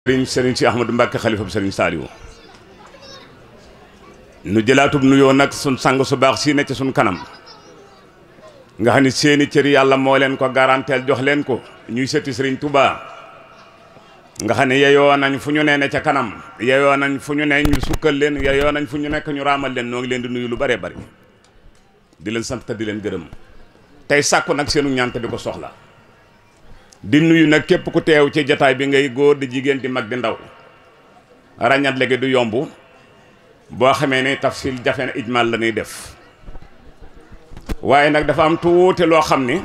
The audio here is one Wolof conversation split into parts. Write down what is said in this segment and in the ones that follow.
sëriñ sëriñ si Ahmadou Mbacke xalifab sëriñ Saliou nu jëlaatub nuyoo nag sun sang su baax sii ne ci sun kanam nga xam ne seeni cër yàlla moo leen ko garanteel jox leen ko ñuy setti sëriñ tubaa nga xam ne yeyoo nañ fu ñu nee ne ca kanam yeyoo nañ fu ñu ne ñu sukkal leen yeyoo nañ fu ñu nekk ñu raamal leen noo leen di nuyu lu bare bari di leen sant te di leen gërëm tey sàkku nag seenu ñaan di ko soxla di nuyu nag képp ku teew ci jataay bi ngay góor di jigéen di mag di ndaw ràññat léegi du yomb boo xamee ne tafsil jafe na ijmal la ñuy def waaye nag dafa am tuuti loo xam ni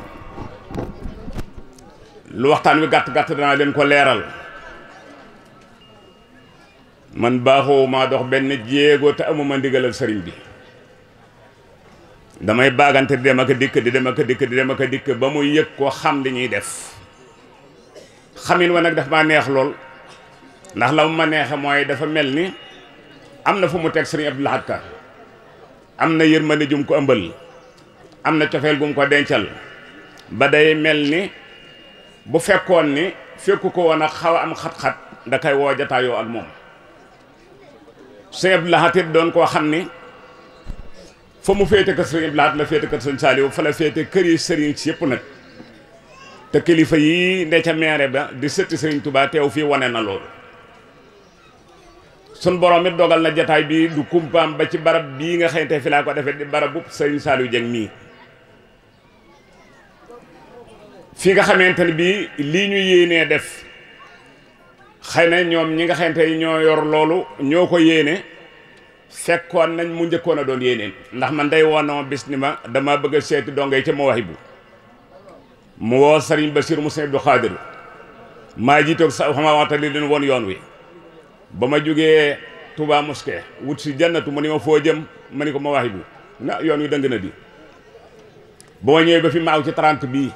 lu waxtaan wi gàtt-gàtt danaa leen ko leeral man baaxoo maa dox benn jéego te amuma ndigalal sëriñ bi damay baagante di dem ak dikk di dem ak dikk di dem ak dikk ba mu yëg ko xam li ñuy def xamin wa nag dafa maa neex lool ndax la mu ma neexe mooy dafa mel ni am na fu mu teg sëriñ Abdou Lahad Ka am na yërmande jum ko ëmbal am na cofeel gum ko dencal ba day mel ni bu fekkoon ni fekku ko woon a xaw a am xat-xat da koy woo jataayoo ak moom sëriñ Abdou Lahad doon koo xam ni fa mu féete kër sëriñ Abdou Lahad la féete kër sëriñ Saliou kër yi sëriñ si yëpp nag te kilifa yi nde ca meere ba di sëtti sëriñ tubaa teew fii wane na loolu sun borom dogal na jataay bi du kumpaam ba ci barab bii nga xëyante fi laa ko defee di barab bu sëriñ Saliou Dieng mii fi nga xamante ne bii lii ñuy yéenee def xëy na ñoom ñi nga xamante yi ñoo yor loolu ñoo ko yéene fekkoon nañ mu njëkkoon a doon yéeneen ndax man day woonoo bis ni ma dama bëgg a seeti dongay ca Mawahibou mu woo sëriñ Bachir mu sëriñ Abdou Khadir maa jiitoog sa xamaa waxta li leen yoon wi ba ma jógee Touba Mosquée wut si jannatu mu ni ma foo jëm ma ni ko ma waxi bi na yoon wi dëng na di ba ma ñëwee ba fi maaw ci 30 bii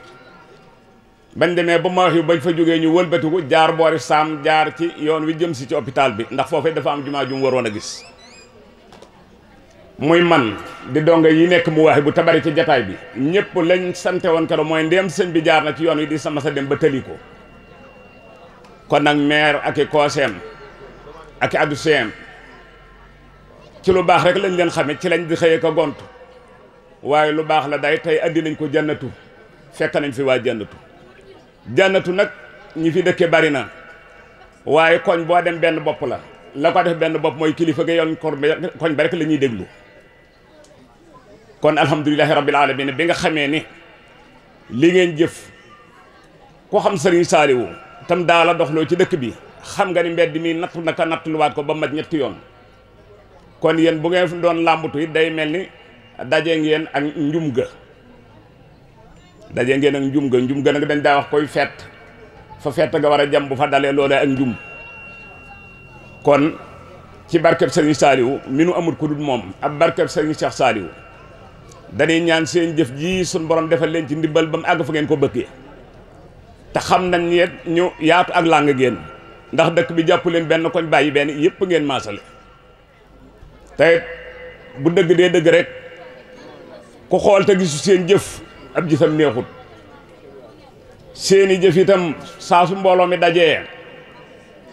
bañ demee ba ma wax yu ba fa jógee ñu wëlbatiku jaar boori saam jaar ci yoon wi jëm si ci hôpital bi ndax foofee dafa am jumaa jum waroon a gis muy man di donga yi nekk mu waaxe bu tabari ci jataay bi ñëpp lañ sante woon keroog mooy ndéem sëñ bi jaar na ci yoon wi di sama sa dem ba tëli ko kon nag maire ak i conseil ak i addu ci lu baax rek lañ leen xame ci lañ di xëyee ko gont waaye lu baax la day tey andi nañ ko jannatu fekk nañ fi waa jannatu jannatu nag ñi fi dëkke bari na waaye koñ boo dem benn bopp la la ko def benn bopp mooy kilifa ga yoon koñ ba rek la ñuy déglu kon alhamdulilahi rabbil alamin bi nga xamee ni li ngeen jëf ku xam sëriñ saaliwu tam daa la doxloo ci dëkk bi xam nga ni mbedd mi nattu naka nattuluwaat ko ba mat ñetti yoon kon yéen bu ngeen doon làmbatu it day mel ni daje ngeen ak njum ga daje ngeen ak njum ga njum ga nag dañ daa wax koy fett fa fett nga war a jam bu fa dalee loolee ak njum kon ci barkeb sëriñ saaliwu mi nu amul ku dul moom ab barkeb sëriñ Cheikh saaliwu dañuy ñaan seen jëf jii suñ borom defal leen ci ndimbal ba mu àgg fa ngeen ko bëggee te xam nañ ne ñu yaatu ak làng ngeen ndax dëkk bi jàpp leen benn koñ bàyyi benn yëpp ngeen maasale te bu dëgg dee dëgg rek ku xool te gisu seen jëf ab jëfam neexut seeni jëf itam saa su mbooloo mi dajee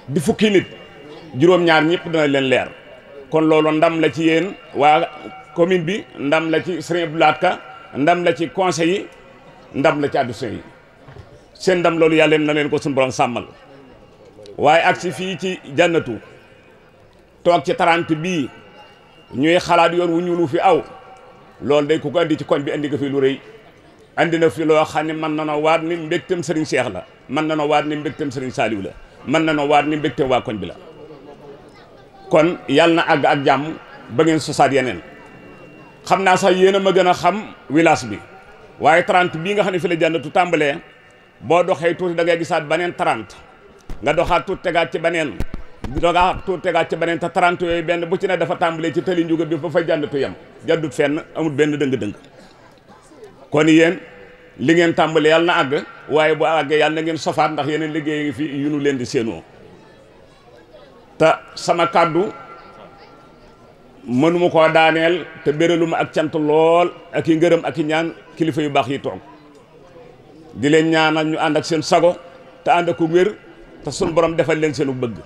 di fukki nit juróom-ñaar ñëpp dana leen leer kon loolu ndam la ci yéen waa commune bi ndam la ci Serigne Abdou Lahad Ka ndam la ci conseil yi ndam la ci adduction yi seen ndam loolu yàlla na leen ko suñu sàmmal waaye ak si fii ci jànnatu toog ci tarant bii ñuy xalaat yoon wu ñuulu fi aw lool de ku ko andi ci koñ bi andi nga fi lu rëy andi na fi loo xam ne mën na noo waat ni mbégtem sëriñ Cheikh la mën na noo waat ni mbégtem sëriñ Saliou mën na noo waat ni mbégtem waa koñ bi la kon yàlla na àgg ak jàmm ba ngeen sosaat yeneen xam naa sax yéena a ma gën a xam village bi waaye 30 bii nga xam ne fi la jàndatu tàmbalee boo doxee tuuti da ngay gisaat beneen 30 nga doxaat tuuti tegaat ci beneen doxaat tuuti tegaat ci beneen te 30 yooyu benn bu ci ne dafa tàmbalee ci tëli njuga bi ba fa jàndatu yem jàddut fenn amul benn dëng-dëng kon yéen li ngeen tàmbalee yàlla na àgg waaye bu àggee yàlla na ngeen sofaat ndax yeneen liggéey ngi fi yu nu leen di séenoo te sama kàddu mënuma koo daaneel te béraluma ak cant lool ak i ngërëm ak i ñaan kilifa yu baax yi toog di leen ñaanal ñu ànd ak seen sago te ànd ak wér te sun borom defal leen seenu bëgg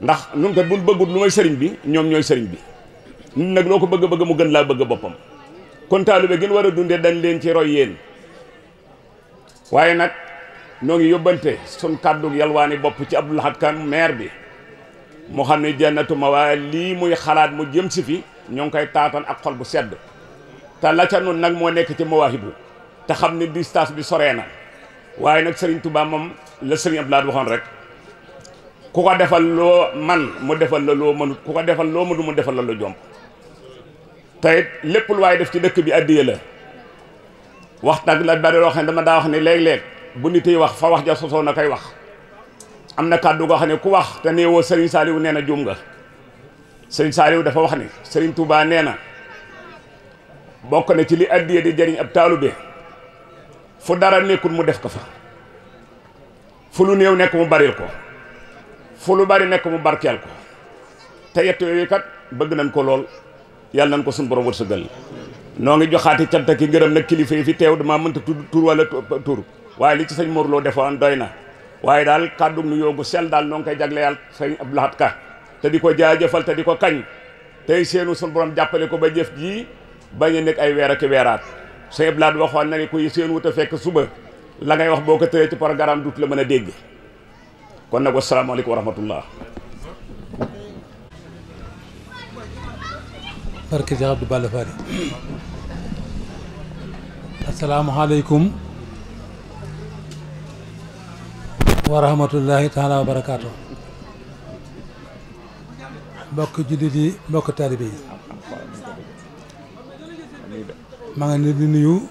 ndax nun kat buñ bëggut lu may sëriñ bi ñoom ñooy sëriñ bi nun nag loo ko bëgg bëgg mu gën laa bëgg boppam kon taalibe gën war a dundee dañ leen ci roy yéen waaye nag noo ngi yóbbante sun kàddu yalwaani bopp ci Abdou Lahad Kane bi mu xam ni jennatuma ma waaye lii muy xalaat mu jëm si fi ñoo ngi koy taatan ak xol bu sedd te la ca nag moo nekk ci mawaahibu te xam ni distance bi soree na waaye nag sëriñ Touba moom la Serigne Abdoulaye waxoon rek ku ko defal loo man mu defal la loo mënut ku ko defal loo mënut mu defal la lu jomb te it waaye def ci dëkk bi addiya la wax nag la bari loo xam ne dama daa wax ne léeg-léeg bu nit yi wax fa wax ja sosoo na koy wax am na kàddu goo xam ne ku wax te néewoo Serigne Saliou nee na juum nga Serigne Saliou dafa wax ne Serigne Touba nee na bokk ne ci li addiye di jëriñ ab taalube fu dara nekkul mu def ko fa fu lu néew nekk mu baril ko fu lu bari nekk mu barkeel ko te yett yooyu kat bëgg nañ ko lool yàlla nan ko suñu borom wërsëgal noo ngi joxaati cant ki ngërëm na kilifa yi fi teew damaa mënta tudd tur wala tur waaye li ci sëñ Mor Lo defoon doy na waaye daal kàddu nu yoogu sel daal noo ngi koy jagleel sëriñ Abdou Lahad Ka te di ko jaajëfal te di ko kañ tey seenu sunu jàppale ko ba jëf jii bañ a ay weer ak i weeraat sëriñ Abdou waxoon na ni kuy seen wut fekk suba la ngay wax boo ko tëree ci programme dut la mën a dégg kon nag wasalaamaaleykum wa rahmatullah barke Abdou wa rahmatullahi taala wa barakaatu mbokk jullit yi mbokk taalibe yi maa ngi leen di nuyu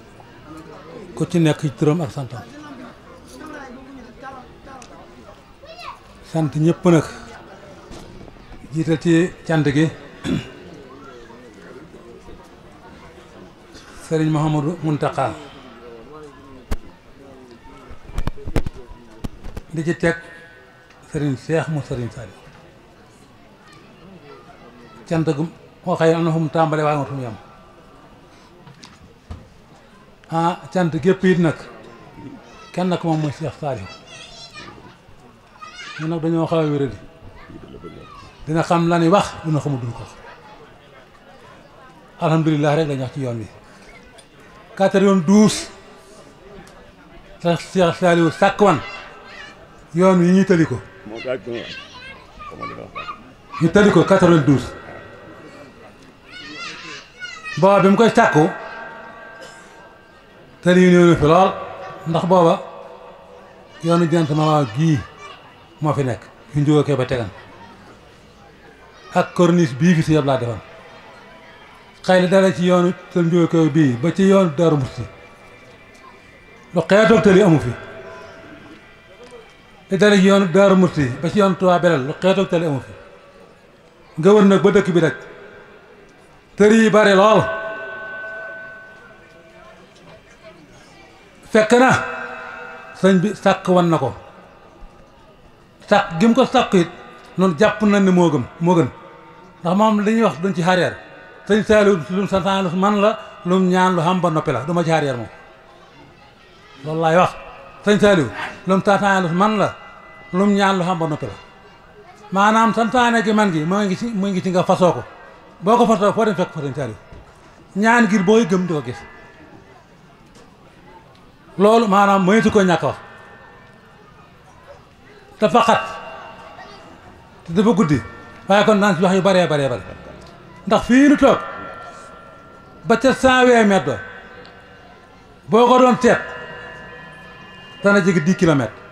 ku ci nekk ci turam ak santam sant ñëpp nag jiital ci cant gi Serigne Mouhamadou Mountakha di ci teg sëriñ Cheikh mu sëriñ Saliou cant gu moo xëy am na fu mu tàmbalee waaye nga fu mu ah, cant gépp it nag kenn nag moom mooy Cheikh Saliou ñu nag dañoo xaw a dina xam la wax dina xamul duñ ko alhamdulilah rek la ñax ci yoon wi quatre yoon douze Cheikh Saliou sàkk wan yoon wi ñu tëli ko. ñu tëli ko 92. booba bi mu koy sàkku tëli yu néew fi lool ndax booba yoonu jant mama gii moo fi nekk yu njógoo kee ba tegan ak korniis bii fi si yëpp laa defal xëy na dara ci yoonu seen njógoo kee bii ba ci yoonu Daaru Musti lu xeetoog tëli amu fi. te dale ci yoonu Daaru Musti ba ci yoon Tuubaa Belel lu xeetoog tali amu fi nga wër nag ba dëkk bi nag tër yi bari lool fekk na sëñ bi sàkk wan na ko sàkk gi ko sàkk it noonu jàpp nañ ne moo gëm moo gën ndax moom li ñuy wax duñ ci xareer sëñ Saliou lum santaan lu man la lum ñaan lu xam ba noppi la du ma ci xareer moom loolu laay wax sëñ Saliou lum santaan lu man la lum ñaan lu xam ba noppi la maanaam santaane gi man gi moo ngi ci mu ngi ci nga fasoo ko boo ko fasoo foo dem fekk foo dem caari ñaan ngir booy gëm di ko gis loolu maanaam mëneesu ko ñàkk wax dafa xat te dafa guddi waaye kon naan si wax yu bare baree bare ndax fii nu toog ba ca cent vingt boo ko doon teet dana jege dix kilomètres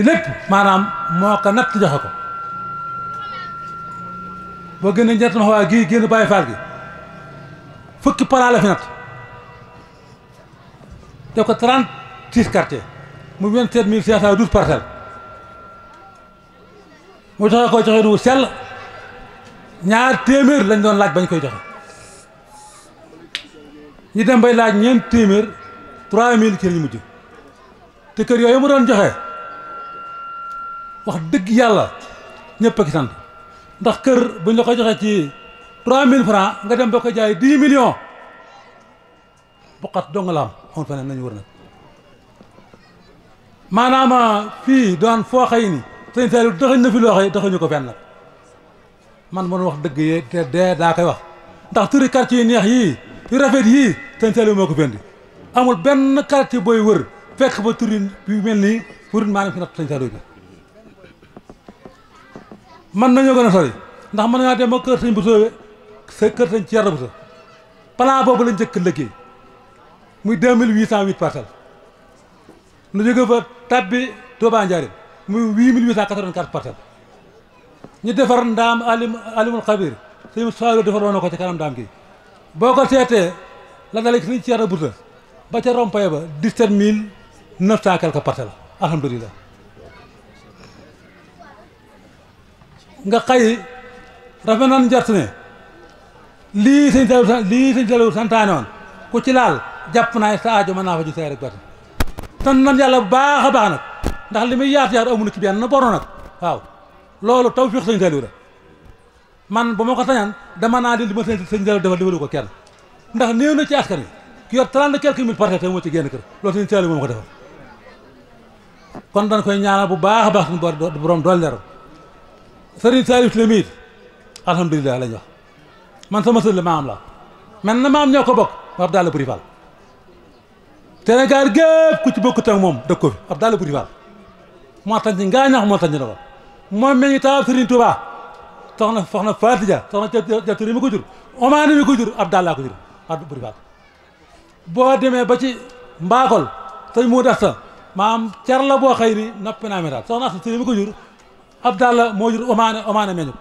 ci lépp maanaam moo ko natt joxe ko boo génne njëriñ ma xawaa gii génn bàyyi faal gi fukki palaa fi natt def ko trente six quartier mu vingt sept mille cinq cent douze parcelles mu joxe ko joxe du sell ñaar téeméer lañ doon laaj bañ koy joxe ñi dem bay laaj ñeent téeméer trois mille ci lañu mujj te kër yooyu mu doon joxe wax dëgg yàlla ñëpp ki sant ndax kër bu ñu ko joxee ci trois mille francs nga dem ba ko jaay dix millions bu xat la am amul feneen nañu wër nag maanaam fii doon foo xëy ni sëñ Saliou dëxëñ na fi loo xëy dëxëñu ko fenn nag man mënu wax dëgg yee te dee daa koy wax ndax turi quartier yi neex yii yu rafet yii sëñ Saliou moo ko fendi amul benn quartier booy wër fekk ba turi yu mel nii pour maanaam fi nat sëñ Saliou bi man nañoo gën a sori ndax mën ngaa dem ba kër sëñ bu soobee sa kër sëñ Thierno Bousso plan boobu lañ njëkk liggéey muy deux mille huit cent huit parcelles nu jóge fa tabbi Touba Ndiarème muy huit mille huit cent quatre ñu defar ndaam alim alimul xabir sëñ Saliou defar woon na ko ci kanam ndaam gi boo ko seetee la dalee sëñ Thierno Bousso ba ca Rompaye ba dix-sept mille neuf cent ko parcelles alhamdulilah nga xëy rafet nan njort ne lii sëñ Saliou sant lii sëñ Saliou santaane woon ku ci laal jàpp naa sa aajo mën naa fa ju say rek bett na nan yàlla bu baax a baax nag ndax li muy yaatu yaatu amul ci benn boro nag waaw loolu tawfiix sëñ Saliou la man ba ma ko sañan dama naa di li ma sëñ Saliou defal dimbalu ko kenn ndax néew na ci askan wi ki yor trente quelques mille par te moo ci génn kër loolu sëñ Saliou moom ko defal kon dañ koy ñaanal bu baax a baax suñu borom dool leeram sëriñ Salif la miit alhamdulilah lañ wax man sama sëriñ la maam la man na maam ñoo ko bokk ab daal la buri faal Sénégal gépp ku ci bokkut ak moom dëkk ko ab daal buri faal moo tax ñu ngaañax moo tax ñu ne ko moom mi ngi taal sëriñ Touba soxna soxna Faatija soxna jaturi mi ko jur omaani mi ab daal laa ab buri faal boo demee ba ci mbaakol sëñ mu dax sa maam car la boo xëy ni noppi naa mi daal soxna sa sëriñ mi Abdallah moo jur Omaana Omaana meñu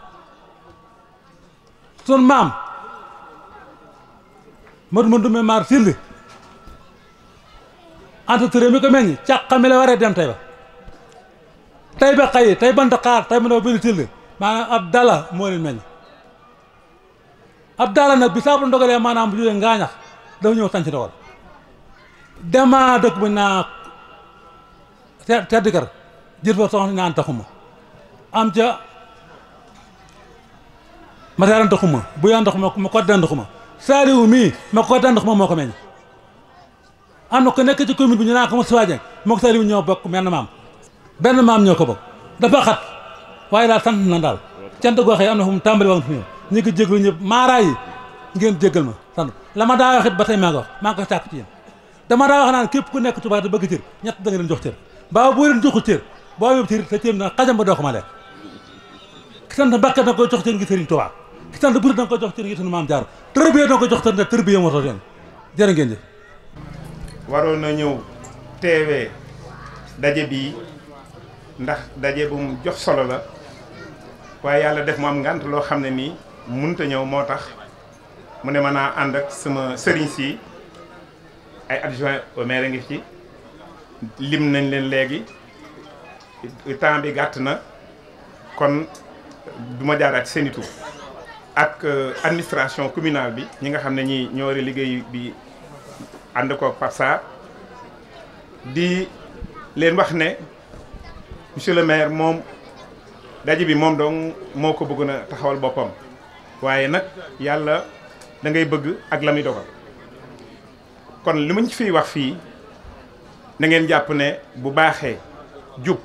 sun maam Modou Mandoumbe maar Syll Anta Touré mi ko meññ càqami la waree dem Taïba Taïba xëy Taïba Ndakaar Taïba Ndaw bi Syll maanaam Abdallah moo leen Abdallah nag bi saabu ndogalee maanaam bu jógee ngaañax dafa ñëw sanc ndogal demaa dëkk bu naa tedd kër jël fa soxna naan taxuma am ca Masaara Ndoxuma bu yaa Ndoxuma ma Kota Ndoxuma Saliou mii ma Kota Ndoxuma moo ko meññ am na ko nekk ci commune bi ñu naan ko Moussa Diagne moo ko Saliou ñoo bokk benn maam benn maam ñoo ko bokk dafa xat waaye daal sant na daal cant goo am na fu mu tàmbali woon fi ñëw ñu ngi jégalu maaraay yi ngeen jégal ma sant la ma daa wax ba tey maa ngi wax maa sàkk ci dama daa wax naan képp ku nekk Tuubaa te bëgg cër ñett da nga leen cër mbaa boo leen joxu cër ki sant Mbàkke danga koy jox cër gi Sëriñ Tuubaa ki sant Buur danga koy jox cër gi sunu maam Jaara tërbiya danga koy jox cër ne tërbiya moo tax leen jërë ngeen jëf waroon na ñëw teewee daje bii ndax daje bu mu jox solo la waaye yàlla def mu am ngànt loo xam ne nii mënut a ñëw moo tax mu ne mën naa ànd ak sama sëriñ si ay adjoint au maire ngi ci lim nañ leen léegi temps bi gàtt na kon du ma jaaraat seeni ak euh, administration communale bi ñi nga xam ne ñi ñoo liggéey bi ànd ko PAPSA di leen wax ne monsieur le maire moom daje bi moom dong moo ko bëgg na taxawal boppam waaye nag yàlla da ngay bëgg ak la muy dogal kon li ma ñu fiy wax fii na ngeen jàpp ne bu baaxee jub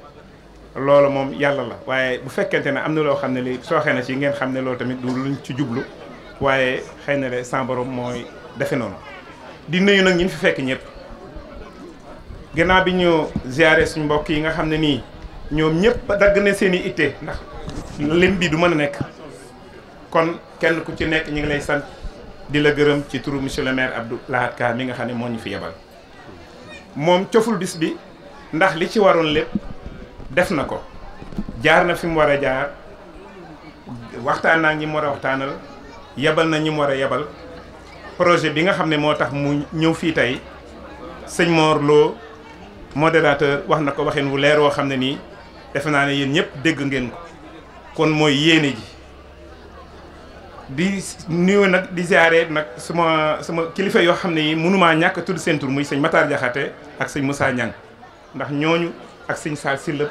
loolu moom yàlla la waaye bu fekkente ne am na loo xam ne li sooxee na ci ngeen xam ne loolu tamit du luñ ci jublu waaye xëy na de sans mooy defe noonu di nuyu nag ñun fi fekk ñëpp gannaaw bi ñu ziare suñ mbokk yi nga xam ne nii ñoom ñëpp dagg ne seen i itte ndax lim bi du mën a nekk kon kenn ku ci nekk ñu ngi lay sant di la gërëm ci turu monsieur le maire Abdou Lahad mi nga xam ne moo ñu fi yebal moom coful bis bi ndax li ci waroon lépp def na ko jaar na fi mu war a jaar waxtaan naa ñi mu war a waxtaanal yebal na ñi mu war a yebal projet bi nga xam ne moo tax mu ñëw fii tey sëñ Mor Lo modérateur wax na ko waxin wu leer woo xam ne nii defe naa ne yéen ñëpp dégg ngeen ko kon mooy yéene ji di nuyu nag di ziare nag suma suma kilifa yoo xam ne yi mënumaa ñàkk tudd seen tur muy sëñ Matar Jaxate ak sëñ musaa Niang ndax ñooñu ak sëñ Sall Sylla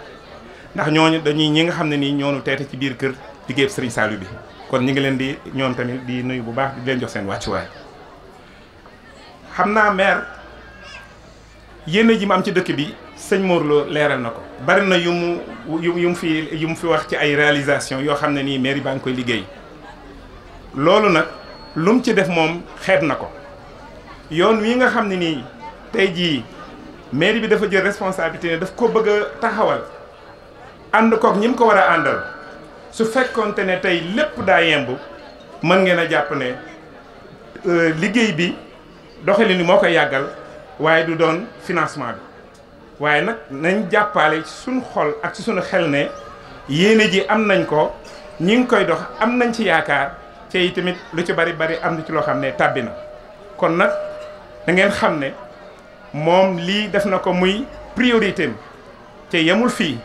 ndax ñooñu dañuy ñi nga xam ne nii ñoonu teete ci biir kër liggéeyub Serigne saalu bi kon ñu ngi leen di ñoom tamit di nuyu bu baax di leen jox seen wàccuwaay xam naa maire yéene ji mu ci dëkk bi sëñ Mor Lo na ko bari na yu mu fi yu mu fi wax ci ay réalisation yoo xam ne nii maire yi baa ngi koy liggéey loolu nag lu mu ci def moom xeet na ko yoon wi nga xam ne nii tey jii mairie bi dafa jël responsabilité ne daf ko bëgg a taxawal ànd kook ñi mu ko war a àndal su fekkonte ne tey lépp daa yembu mën ngeen a jàpp ne euh, liggéey bi doxalin ni moo koy yàggal waaye du doon financement bi waaye nag nañ jàppale ci suñ xol ak ci suñu xel ne yéene ji am nañ ko ñi ngi koy dox am nañ ci yaakaar te yi tamit lu ci bari bari am na ci loo xam ne tàbbi na kon nag da ngeen xam ne moom lii def na ko muy priorité te yemul fii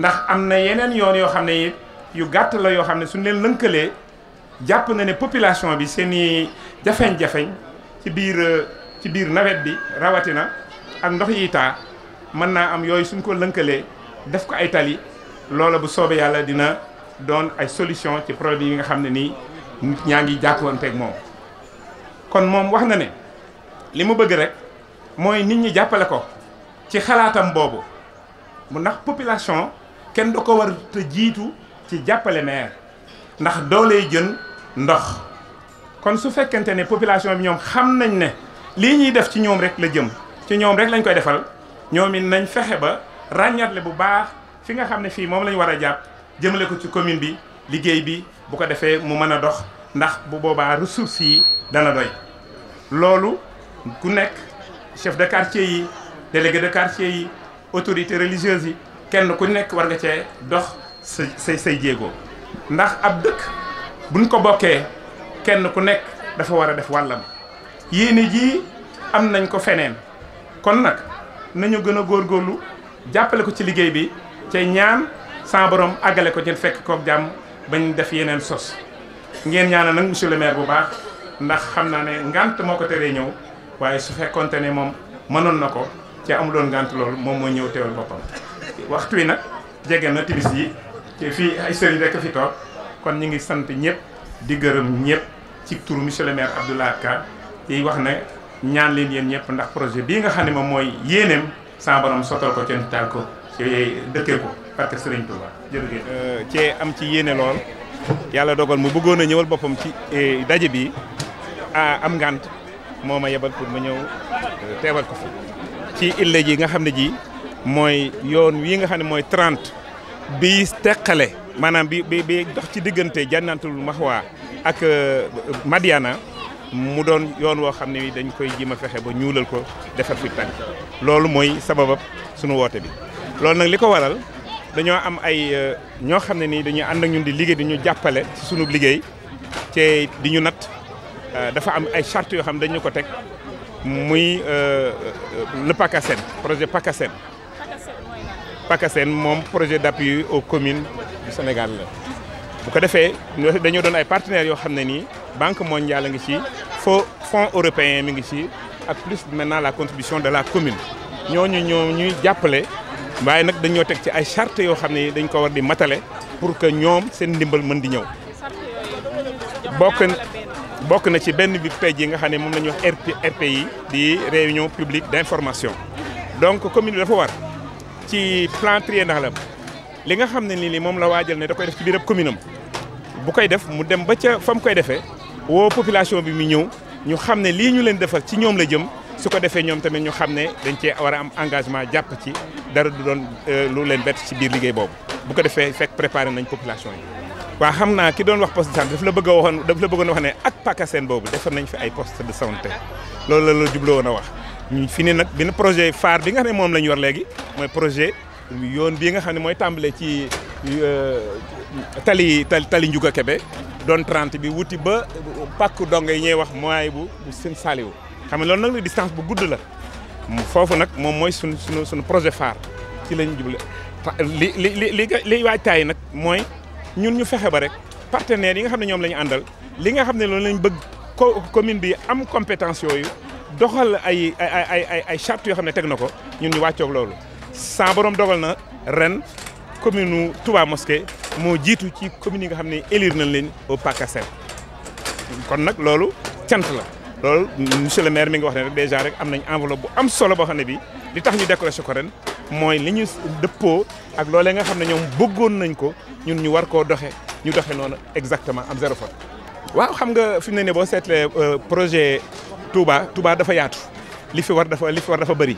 ndax am na yeneen yoon yoo xam ne it yu gàtt la yoo xam ne suñu leen lënkalee jàpp na ne population bi seen i jafeñ-jafeñ ci biir ci biir nawet bi rawatina ak ndox yi taa mën naa am yooyu suñ ko lënkalee def ko ay tali loola bu soobee yàlla dina doon ay solution ci problème yi nga xam ne nii nit ñaa ngi jàppanteeg moom. kon moom wax na ne li mu bëgg rek mooy nit ñi jàppale ko ci xalaatam boobu mu ndax population. kenn da ko war te jiitu ci jàppale maire ndax dooley jën ndox kon su fekkente ne population bi ñoom xam nañ ne lii ñuy def ci ñoom rek la jëm ci ñoom rek lañ koy defal ñoom it nañ fexe ba ràññaatle bu baax fi nga xam ne fii moom lañ war a jàpp jëmale ko ci commune bi liggéey bi bu ko defee mu mën a dox ndax bu boobaa ressources yi dana doy loolu ku nekk chef de quartier yi délégué de quartier yi autorités religieuses yi kenn ku nekk war nga cee dox sa say say jéego ndax ab dëkk buñ ko bokkee kenn ku nekk dafa war a def wàllam yéene jii am nañ ko feneen kon nag nañu gën a góorlu jàppale ko ci liggéey bi te ñaan sa borom àggale ko jën fekk kook jàmm bañ def yeneen sos ngeen ñaanal nag monsieur le maire bu baax ndax xam naa ne ngant moo ko teree ñëw waaye su fekkonte ne moom mënoon na ko ci amuloon ngant loolu moom mooy ñëw teewal boppam waxtu wi nag jege na timis yi te fii ay sëriñ rek fi toog kon ñu ngi sant ñëpp di gërëm ñëpp ci turu monsieur le maire Abdou Lahad wax na ñaan leen yéen ñëpp ndax projet bii nga xam ne moom mooy yéeneem sa borom sottal ko ceen taal ko yooyu ko parce que sëriñ Touba jërëjëf euh, cee am ci yéene lool yàlla dogal mu bëggoon a ñëwal boppam ci eh, daje bi am ngant moo ma yebal pour ma ñëw euh, teewal ko fi ci illa ji nga xam ne ji mooy yoon wii nga xam ne mooy 30 bi teqale maanaam bi bi bi dox ci diggante jànnatul maxwaa ak euh, Madiana mu doon yoon woo xam ne dañ koy jima fexe ba ñuulal ko defar fi tànk loolu mooy sababab sunu woote bi loolu nag li ko waral dañoo am ay euh, ñoo xam ne nii dañuy ànd ak ñun di liggéey di ñu jàppale ci sunu liggéey te di ñu nat euh, dafa am ay charte yoo xam ne dañu ko teg muy le PACASEN projet PACASEN PACASEN moom projet d'appui aux commune du Sénégal la bu ko defee dañoo doon ay partenaires yoo xam ne nii banque a ngi ci fo fonds européen mi ngi ci ak plus maintenant la contribution de la commune ñooñu ñoo ñuy jàppale waaye nag dañoo teg ci ay chartes yoo xam ne dañ ko war di matale pour que ñoom seen ndimbal mën di ñëw bokk bokk na ci benn bi pej jii nga xam ne moom la ñuy wax RPI di réunion publique d'information donc commune bi dafa war ci plan triennal am li nga xam ne ni li moom la waajal ne da koy def ci biir ab commune am bu koy def mu dem ba ca fa mu koy defee woo population bi mu ñëw ñu xam ne lii ñu leen defal ci ñoom la jëm su ko defee ñoom tamit ñu xam ne dañ cee war a am engagement jàpp ci dara du doon euh, lu leen bett ci biir liggéey boobu bu ko defee fekk préparé nañ population yi waaw xam naa ki doon wax poste de santé daf la bëgg a waxoon daf la a wax ne ak PACASEN boobu defar nañ fi ay poste de santé loolu la la jubloo a wax ñu fi nii nag benn projet phare bi nga xam ne moom la ñu yor léegi mooy projet yoon bii nga xam ne mooy tàmbale ci euh, tali tali Ndiouga Kébé doon 30 bi wuti ba pak dongo yi ñuy wax mooy bu bu seen xam ne loolu nag la distance bu gudd la foofu nag moom mooy suñu suñu suñu projet phare ci lañ jublu li li li li liy waajtaay nag mooy ñun ñu fexe ba rek partenaires yi nga xam ne ñoom la ñu àndal li nga xam ne loolu lañ bëgg commune bi am compétence yooyu doxal ay ay ay ay ay charte yoo xam ne teg na ko ñun ñu wàccoog loolu sa borom dogal na ren commune nu Touba Mosquée moo jiitu ci commune yi nga xam ne élire nañ leen au PACASEN kon nag loolu cant la loolu monsieur le maire mi nga wax ne rek déjà rek am nañ enveloppe bu am solo boo xam ne bi li tax ñu décroché ko ren mooy li ñu dëppoo ak loolee nga xam ne ñoom bëggoon nañ ko ñun ñu war koo doxe ñu doxe noonu exactement am zéro faute waaw xam nga fi ne nii boo seetlee euh, projet Touba Touba dafa yaatu li fi war dafa li fi war dafa bëri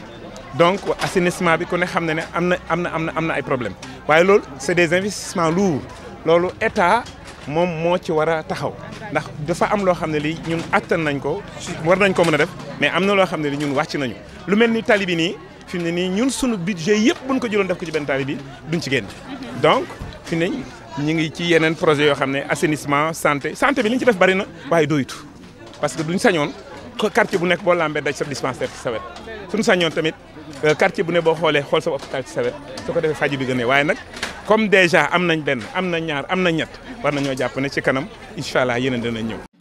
donc assainissement bi ku ne xam ne ne am na am na am na am na ay problème waaye loolu c'est des investissements lourds loolu état moom moo ci war a taxaw ndax dafa am loo xam ne li ñun actan nañ ko war nañ ko mën a def mais am na loo xam ne li ñun wàcc nañu lu mel ni tali bi nii fi mu ne nii ñun sunu budget yëpp buñ ko jëloon def ko ci benn tali bi duñ ci génn donc fi ne ñu ngi ci yeneen projet yoo xam ne assainissement santé santé bi li ci def bari na waaye doyutu parce que duñ sañoon quartier bu nekk boo lambee daj sa dispensaire ci sa wet sa sañoon tamit euh, quartier bu ne boo xoolee xool sa hôpital ci sa wet ko defee faju bi gën a waaye nag comme déjà am nañ benn am na ñaar am na ñett war nañoo jàpp ne ci kanam incha allah yeneen dana ñëw